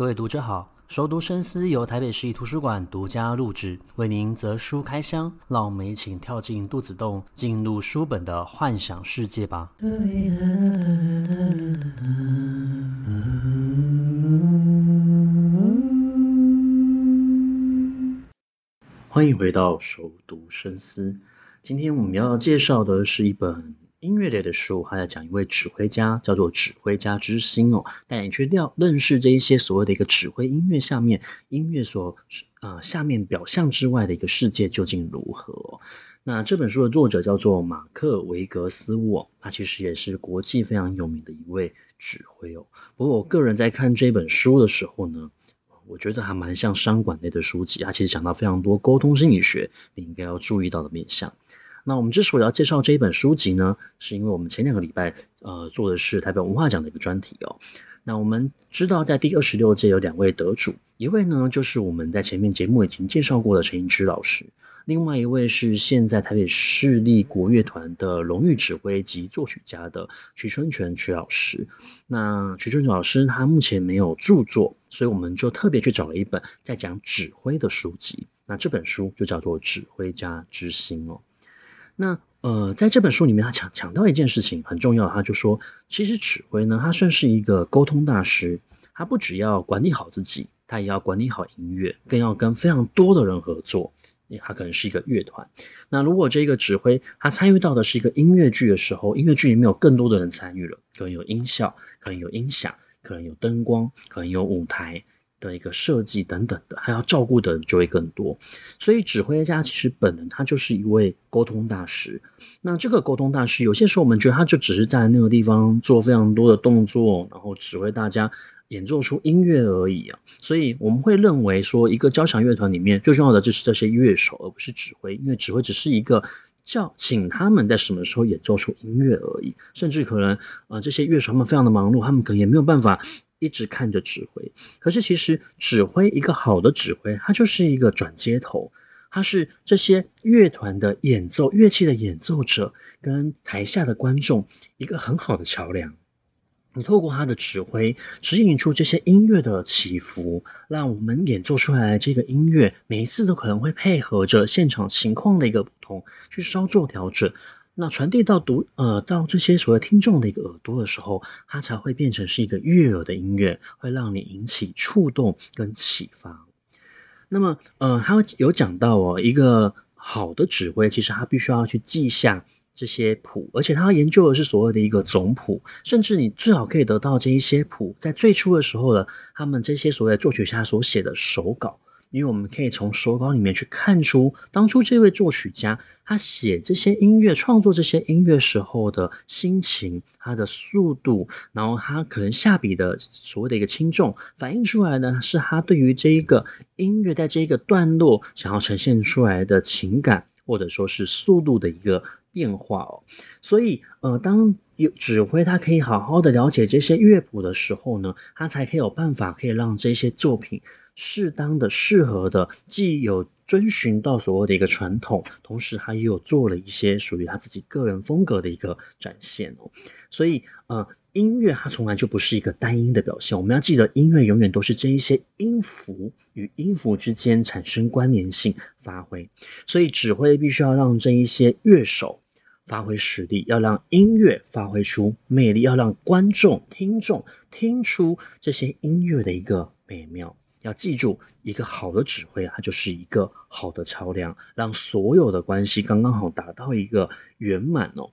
各位讀者好，熟讀深思由台北市立圖書館獨家錄製，為您擇書開箱，讓我們一起跳進肚子洞，進入書本的幻想世界吧。歡迎回到熟讀深思，今天我們要介紹的是一本。音樂類的書，還要講一位指揮家，叫做《指揮家之心》哦。帶你去了認識這一些所謂的一個指揮音樂下面音樂所啊、呃、下面表象之外的一個世界究竟如何、哦？那這本書的作者叫做馬克·維格斯沃，哦，他其實也是國際非常有名的一位指揮哦。不過我個人在看這本書的時候呢，我覺得還蠻像商管類的書籍，而且講到非常多溝通心理學，你應該要注意到的面向。那我們之所以要介紹這一本書籍呢，是因為我們前兩個禮拜呃做的是台北文化獎的一個專題哦。那我們知道，在第二十六屆有兩位得主，一位呢就是我們在前面節目已經介紹過的陳映之老師，另外一位是現在台北市立國樂團的榮譽指揮及作曲家的徐春泉徐老師。那徐春泉老師他目前沒有著作，所以我們就特別去找了一本在講指揮的書籍。那這本書就叫做《指揮家之心》哦。那呃，在這本書裡面，他講講到一件事情很重要的，他就說，其實指揮呢，他算是一個溝通大師，他不只要管理好自己，他也要管理好音樂，更要跟非常多的人合作，他可能是一個樂團。那如果這個指揮他參與到的是一個音樂劇的時候，音樂劇裡面有更多的人參與了，可能有音效，可能有音響，可能有燈光，可能有舞台。的一個設計等等的，還要照顧的人就會更多，所以指揮家其實本人他就是一位溝通大師。那這個溝通大師，有些時候我們覺得他就只是在那個地方做非常多的動作，然後指揮大家演奏出音樂而已啊。所以我們會認為說，一個交響樂團裡面最重要的就是這些樂手，而不是指揮，因為指揮只是一個。叫請他們在什麼時候演奏出音樂而已，甚至可能啊、呃，這些樂手他們非常的忙碌，他們可能也沒有辦法一直看着指揮。可是其實指揮，一個好的指揮，他就是一個轉接頭，他是這些樂團的演奏樂器的演奏者跟台下的觀眾一個很好的橋樑。你透過他的指揮，指引出這些音樂的起伏，讓我們演奏出來這個音樂，每一次都可能會配合着現場情況的一個不同，去稍作調整。那傳遞到讀，呃，到這些所謂聽眾的一個耳朵的時候，它才會變成是一個悅耳的音樂，會讓你引起觸動跟啟發。那麼，呃，他有講到哦，一個好的指揮，其實他必須要去記下。這些譜，而且他研究的是所謂的一個總譜，甚至你最好可以得到這一些譜，在最初的時候呢，他們這些所謂的作曲家所寫的手稿，因為我們可以從手稿裡面去看出，當初這位作曲家他寫這些音樂、創作這些音樂時候的心情、他的速度，然後他可能下筆的所謂的一個輕重，反映出來呢，是他對於這一個音樂在這一個段落想要呈現出來的情感，或者說是速度的一個。變化哦，所以呃當。指揮他可以好好的了解這些樂譜的時候呢，他才可以有辦法可以讓這些作品適當的、適合的，既有遵循到所謂的一個傳統，同時他也有做了一些屬於他自己個人風格的一個展現哦。所以，呃，音樂它從來就不是一個單音的表現，我們要記得，音樂永遠都是這一些音符與音符之間產生關聯性發揮。所以，指揮必須要讓這一些樂手。發揮實力，要讓音樂發揮出魅力，要讓觀眾、聽眾聽出這些音樂的一個美妙。要記住，一個好的指揮啊，它就是一個好的橋樑，讓所有的關係剛剛好達到一個圓滿哦。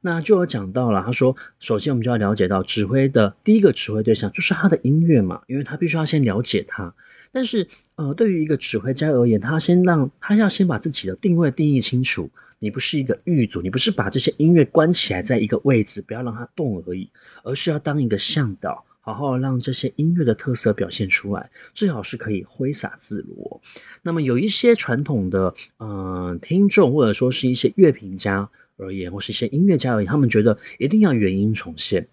那就有講到了，他說，首先我們就要了解到，指揮的第一個指揮對象就是他的音樂嘛，因為他必須要先了解他。但是，呃，對於一個指揮家而言，他先讓他要先把自己的定位定義清楚。你不是一個獄卒，你不是把這些音樂關起來，在一個位置不要讓它動而已，而是要當一個向導，好好讓這些音樂的特色表現出來，最好是可以揮灑自如。那麼，有一些傳統的嗯、呃、聽眾，或者說是一些樂評家而言，或是一些音樂家而言，他們覺得一定要原音重現，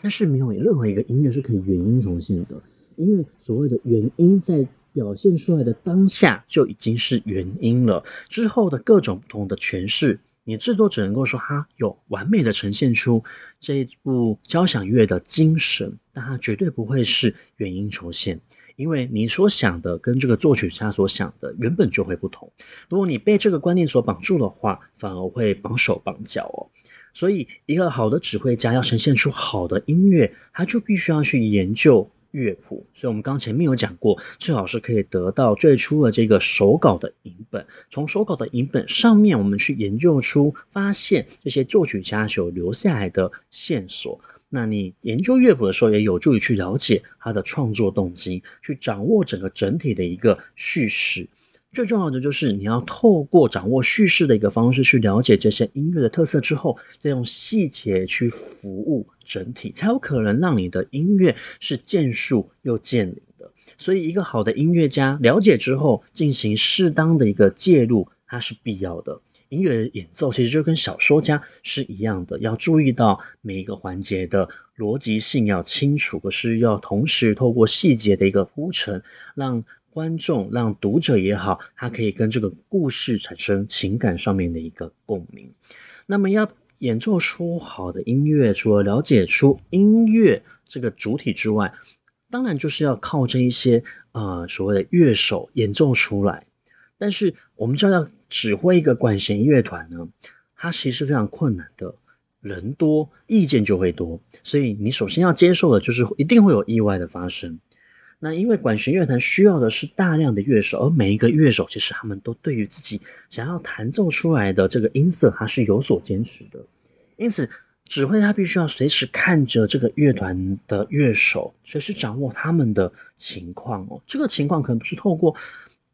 但是沒有任何一個音樂是可以原音重現的。因為所謂的原因，在表現出來的當下就已經是原因了。之後的各種不同的詮釋，你最多只能夠說它有完美的呈現出這一部交響樂的精神，但它絕對不會是原因出現。因為你所想的跟這個作曲家所想的原本就會不同。如果你被這個觀念所綁住的話，反而會綁手綁腳哦。所以，一個好的指揮家要呈現出好的音樂，他就必須要去研究。樂譜，所以我們剛前面有講過，最好是可以得到最初的這個手稿的影本。從手稿的影本上面，我們去研究出發現這些作曲家所留下來的線索。那你研究樂譜的時候，也有助於去了解他的創作動機，去掌握整個整體的一個敘事。最重要的就是你要透過掌握敘事的一個方式去了解這些音樂的特色之後，再用細節去服務整體，才有可能讓你的音樂是見樹又見林的。所以，一個好的音樂家了解之後，進行適當的一個介入，它是必要的。音樂的演奏其實就跟小說家是一樣的，要注意到每一個環節的邏輯性要清楚，可是要同時透過細節的一個鋪陳，讓觀眾，讓讀者也好，他可以跟這個故事產生情感上面的一個共鳴。那麼要演奏出好的音樂，除了了解出音樂這個主體之外，當然就是要靠這一些呃所謂的樂手演奏出來。但是我們知道要指揮一個管弦樂團呢，它其實非常困難的，人多意見就會多，所以你首先要接受的就是一定會有意外的發生。那因為管弦樂團需要的是大量的樂手，而每一個樂手其實他們都對於自己想要彈奏出來的這個音色，他是有所堅持的，因此指揮他必須要隨時看着這個樂團的樂手，隨時掌握他們的情況哦。這個情況可能不是透過。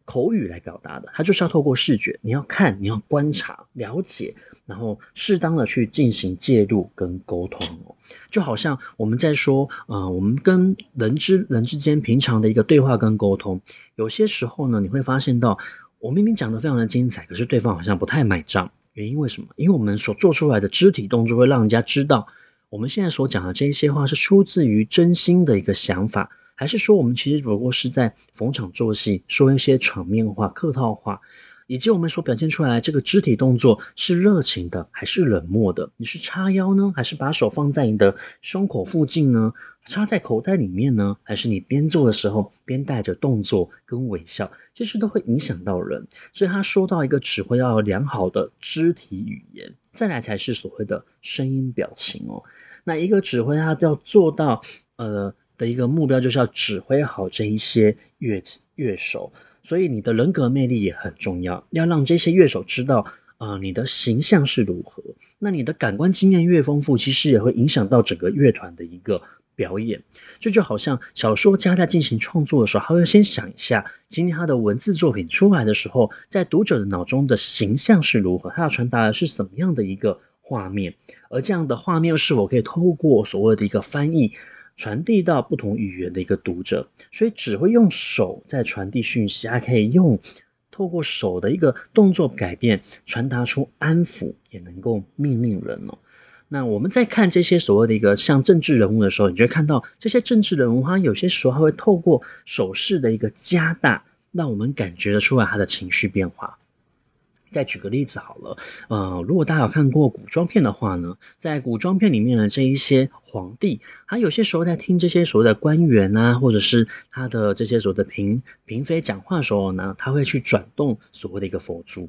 口語來表達的，它就是要透過視覺，你要看，你要觀察、了解，然後適當的去進行介入跟溝通哦。就好像我們在說，呃，我們跟人之人之間平常的一個對話跟溝通，有些時候呢，你會發現到，我明明講得非常的精彩，可是對方好像不太買賬。原因為什麼？因為我們所做出來的肢體動作會讓人家知道，我們現在所講的這些話是出自於真心的一個想法。還是說，我們其實只不過是在逢場作戲，說一些場面話、客套話，以及我們所表現出來這個肢體動作是熱情的還是冷漠的？你是叉腰呢，還是把手放在你的胸口附近呢？插在口袋裡面呢，還是你邊做的時候邊帶着動作跟微笑？其實都會影響到人。所以他說到一個指揮要有良好的肢體語言，再來才是所謂的聲音表情哦。那一個指揮他要做到，呃。的一個目標就是要指揮好這一些樂樂手，所以你的人格魅力也很重要。要讓這些樂手知道，啊、呃，你的形象是如何。那你的感官經驗越豐富，其實也會影響到整個樂團的一個表演。這就好像小說家在進行創作的時候，他會先想一下，今天他的文字作品出來的時候，在讀者的腦中的形象是如何，他要傳達的是怎麼樣的一個畫面，而這樣的畫面是否可以透過所謂的一個翻譯。傳遞到不同語言的一個讀者，所以只會用手在傳遞訊息，還可以用透過手的一個動作改變，傳達出安撫，也能夠命令人哦。那我們在看這些所謂的一個像政治人物的時候，你就會看到這些政治人物他有些時候還會透過手勢的一個加大，讓我們感覺得出來他的情緒變化。再舉個例子好了，呃，如果大家有看過古裝片的話呢，在古裝片裡面的這一些皇帝，他有些時候在聽這些所謂的官員啊，或者是他的這些所謂的嬪嬪妃講話的時候呢，他會去轉動所謂的一個佛珠，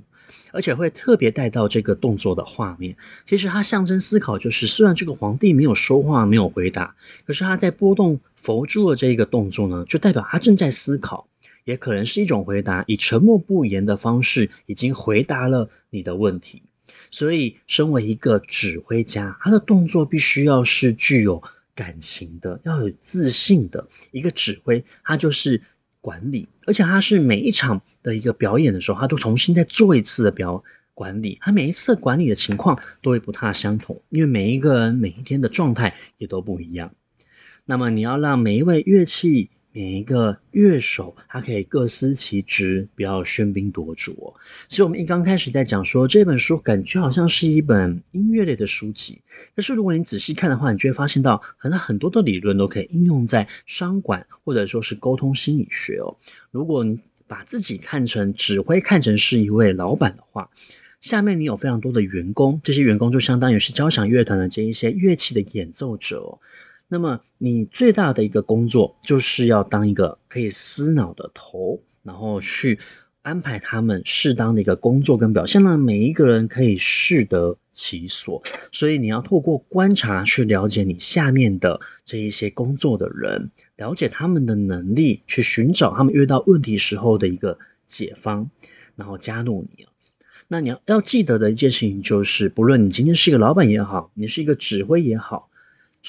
而且會特別帶到這個動作的畫面。其實他象徵思考，就是雖然這個皇帝沒有說話、沒有回答，可是他在撥動佛珠的這一個動作呢，就代表他正在思考。也可能是一種回答，以沉默不言的方式已經回答了你的問題。所以，身為一個指揮家，他的動作必須要是具有感情的，要有自信的。一個指揮，他就是管理，而且他是每一場的一個表演的時候，他都重新再做一次的表，管理。他每一次管理的情況都會不太相同，因為每一個人每一天的狀態也都不一樣。那麼，你要讓每一位樂器。演一個樂手，他可以各司其職，不要喧賓奪主哦。其實我們一剛開始在講說，這本書感覺好像是一本音樂類的書籍，但是如果你仔細看的話，你就會發現到，可能很多的理論都可以應用在商管或者說是溝通心理學哦。如果你把自己看成指揮，看成是一位老板的話，下面你有非常多的員工，這些員工就相當於是交響樂團的這一些樂器的演奏者哦。那麼，你最大的一個工作就是要當一個可以思腦的頭，然後去安排他們適當的一個工作跟表現，讓每一個人可以適得其所。所以，你要透過觀察去了解你下面的這一些工作的人，了解他們的能力，去尋找他們遇到問題時候的一個解方，然後加入你。那你要要記得的一件事情就是，不論你今天是一個老闆也好，你是一個指揮也好。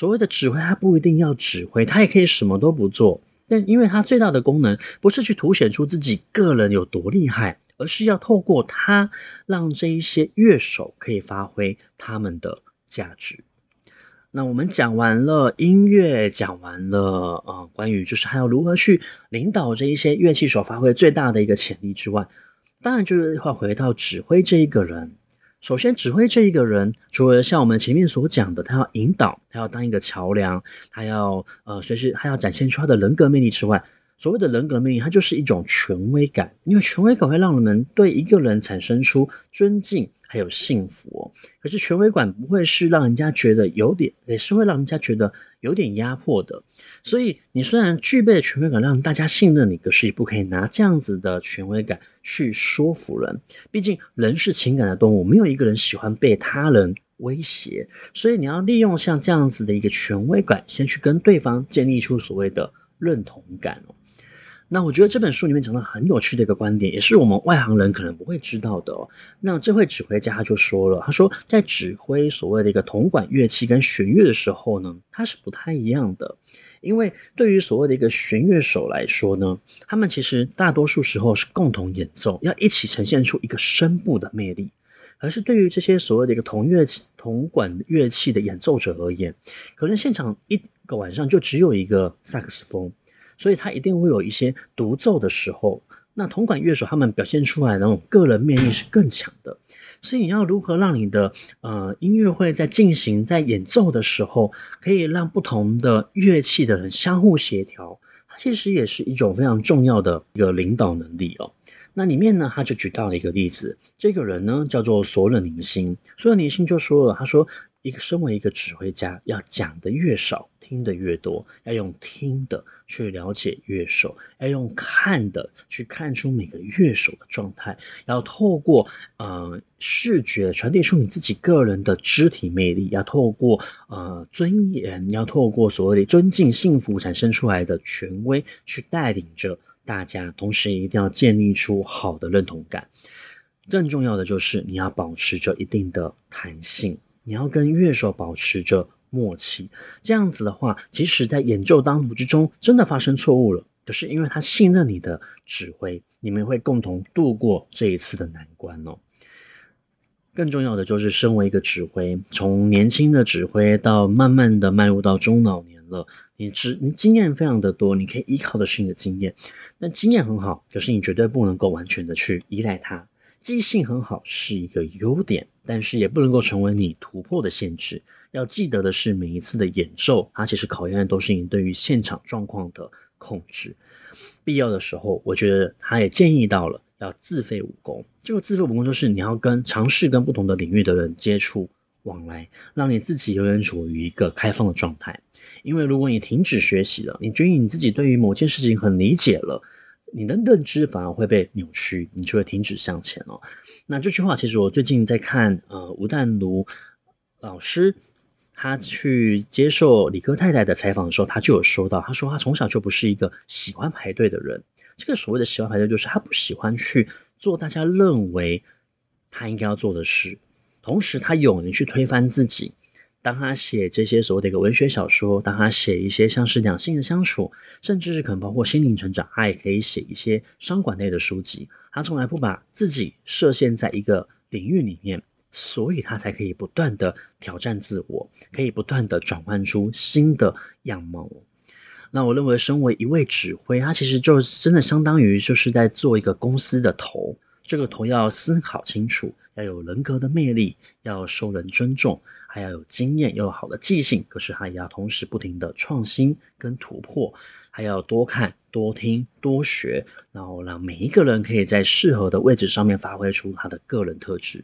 所謂的指揮，他不一定要指揮，他也可以什麼都不做。但因為他最大的功能，不是去凸顯出自己個人有多厲害，而是要透過他，讓這一些樂手可以發揮他們的價值。那我們講完了音樂，講完了啊、呃，關於就是還要如何去領導這一些樂器手發揮最大的一個潛力之外，當然就是話回到指揮這一個人。首先，指揮這一個人，除了像我們前面所講的，他要引導，他要當一個橋樑，他要呃，隨時他要展現出他的人格魅力之外，所謂的人格魅力，它就是一種權威感，因為權威感會讓人們對一個人產生出尊敬。還有幸福哦，可是權威感不會是讓人家覺得有點，也是會讓人家覺得有點壓迫的。所以你雖然具備了權威感，讓大家信任你，可是你不可以拿這樣子的權威感去說服人。畢竟人是情感的動物，沒有一個人喜歡被他人威脅。所以你要利用像這樣子的一個權威感，先去跟對方建立出所謂的認同感哦。那我覺得這本書裡面講的很有趣的一個觀點，也是我們外行人可能不會知道的哦。那這位指揮家他就說了，他說在指揮所謂的一個銅管樂器跟弦樂的時候呢，它是不太一樣的。因為對於所謂的一個弦樂手來說呢，他們其實大多數時候是共同演奏，要一起呈現出一個聲部的魅力。可是對於這些所謂的一個銅樂器、銅管樂器的演奏者而言，可能現場一個晚上就只有一個薩克斯風。所以他一定會有一些獨奏的時候，那銅管樂手他們表現出來的那種個人魅力是更強的。所以你要如何讓你的呃音樂會在進行在演奏的時候，可以讓不同的樂器的人相互協調，它其實也是一種非常重要的一個領導能力哦。那裡面呢，他就舉到了一個例子，這個人呢叫做索忍尼辛，索忍尼辛就說了，他說。一個身為一個指揮家，要講得越少，聽得越多，要用聽的去了解樂手，要用看的去看出每個樂手的狀態，要透過呃視覺傳遞出你自己個人的肢體魅力，要透過呃尊嚴，要透過所謂的尊敬、幸福產生出來的權威去帶領着大家，同時一定要建立出好的認同感。更重要的就是你要保持着一定的彈性。你要跟樂手保持着默契，這樣子的話，即使在演奏當中之中真的發生錯誤了，可、就是因為他信任你的指揮，你們會共同度過這一次的難關哦。更重要的就是，身為一個指揮，從年輕的指揮到慢慢的邁入到中老年了，你知你經驗非常的多，你可以依靠的是你的經驗，但經驗很好，可、就是你絕對不能夠完全的去依賴它。記性很好是一個優點，但是也不能夠成為你突破的限制。要記得的是，每一次的演奏，它其實考驗的都是你對於現場狀況的控制。必要的時候，我覺得他也建議到了要自廢武功。這個自廢武功就是你要跟嘗試跟不同的領域的人接觸往來，讓你自己永遠處於一個開放的狀態。因為如果你停止學習了，你覺得你自己對於某件事情很理解了。你的認知反而會被扭曲，你就會停止向前哦。那這句話其實我最近在看，呃，吳淡如老師，他去接受理科太太的採訪的時候，他就有說到，他說他從小就不是一個喜歡排隊的人。這個所謂的喜歡排隊，就是他不喜歡去做大家認為他應該要做的事，同時他勇於去推翻自己。當他寫這些所謂的一個文學小說，當他寫一些像是兩性的相處，甚至是可能包括心靈成長，他也可以寫一些商管類的書籍。他從來不把自己設限在一個領域裡面，所以他才可以不斷地挑戰自我，可以不斷地轉換出新的樣貌。那我認為，身為一位指揮，他其實就真的相當於就是在做一個公司的頭。這個頭要思考清楚，要有人格的魅力，要受人尊重。還要有經驗，要有好的記性，可是他也要同時不停地創新跟突破，還要多看、多聽、多學，然後讓每一個人可以在適合的位置上面發揮出他的個人特質。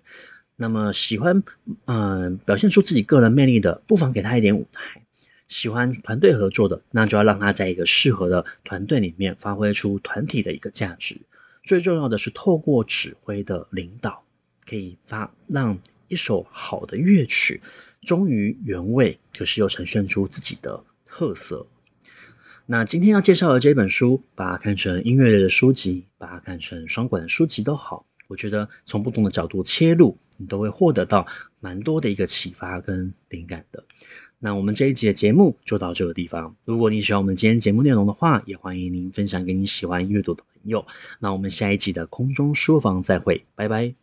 那麼喜歡嗯、呃、表現出自己個人魅力的，不妨給他一點舞台；喜歡團隊合作的，那就要讓他在一個適合的團隊裡面發揮出團體的一個價值。最重要的是，透過指揮的領導，可以發讓。一首好的樂曲，忠於原味，可是又呈現出自己的特色。那今天要介紹的這本書，把它看成音樂類的書籍，把它看成雙管的書籍都好。我覺得從不同的角度切入，你都會獲得到蠻多的一個啟發跟靈感的。那我們這一集的節目就到這個地方。如果你喜歡我們今天節目內容的話，也歡迎您分享給你喜歡閱讀的朋友。那我們下一集的空中書房再會，拜拜。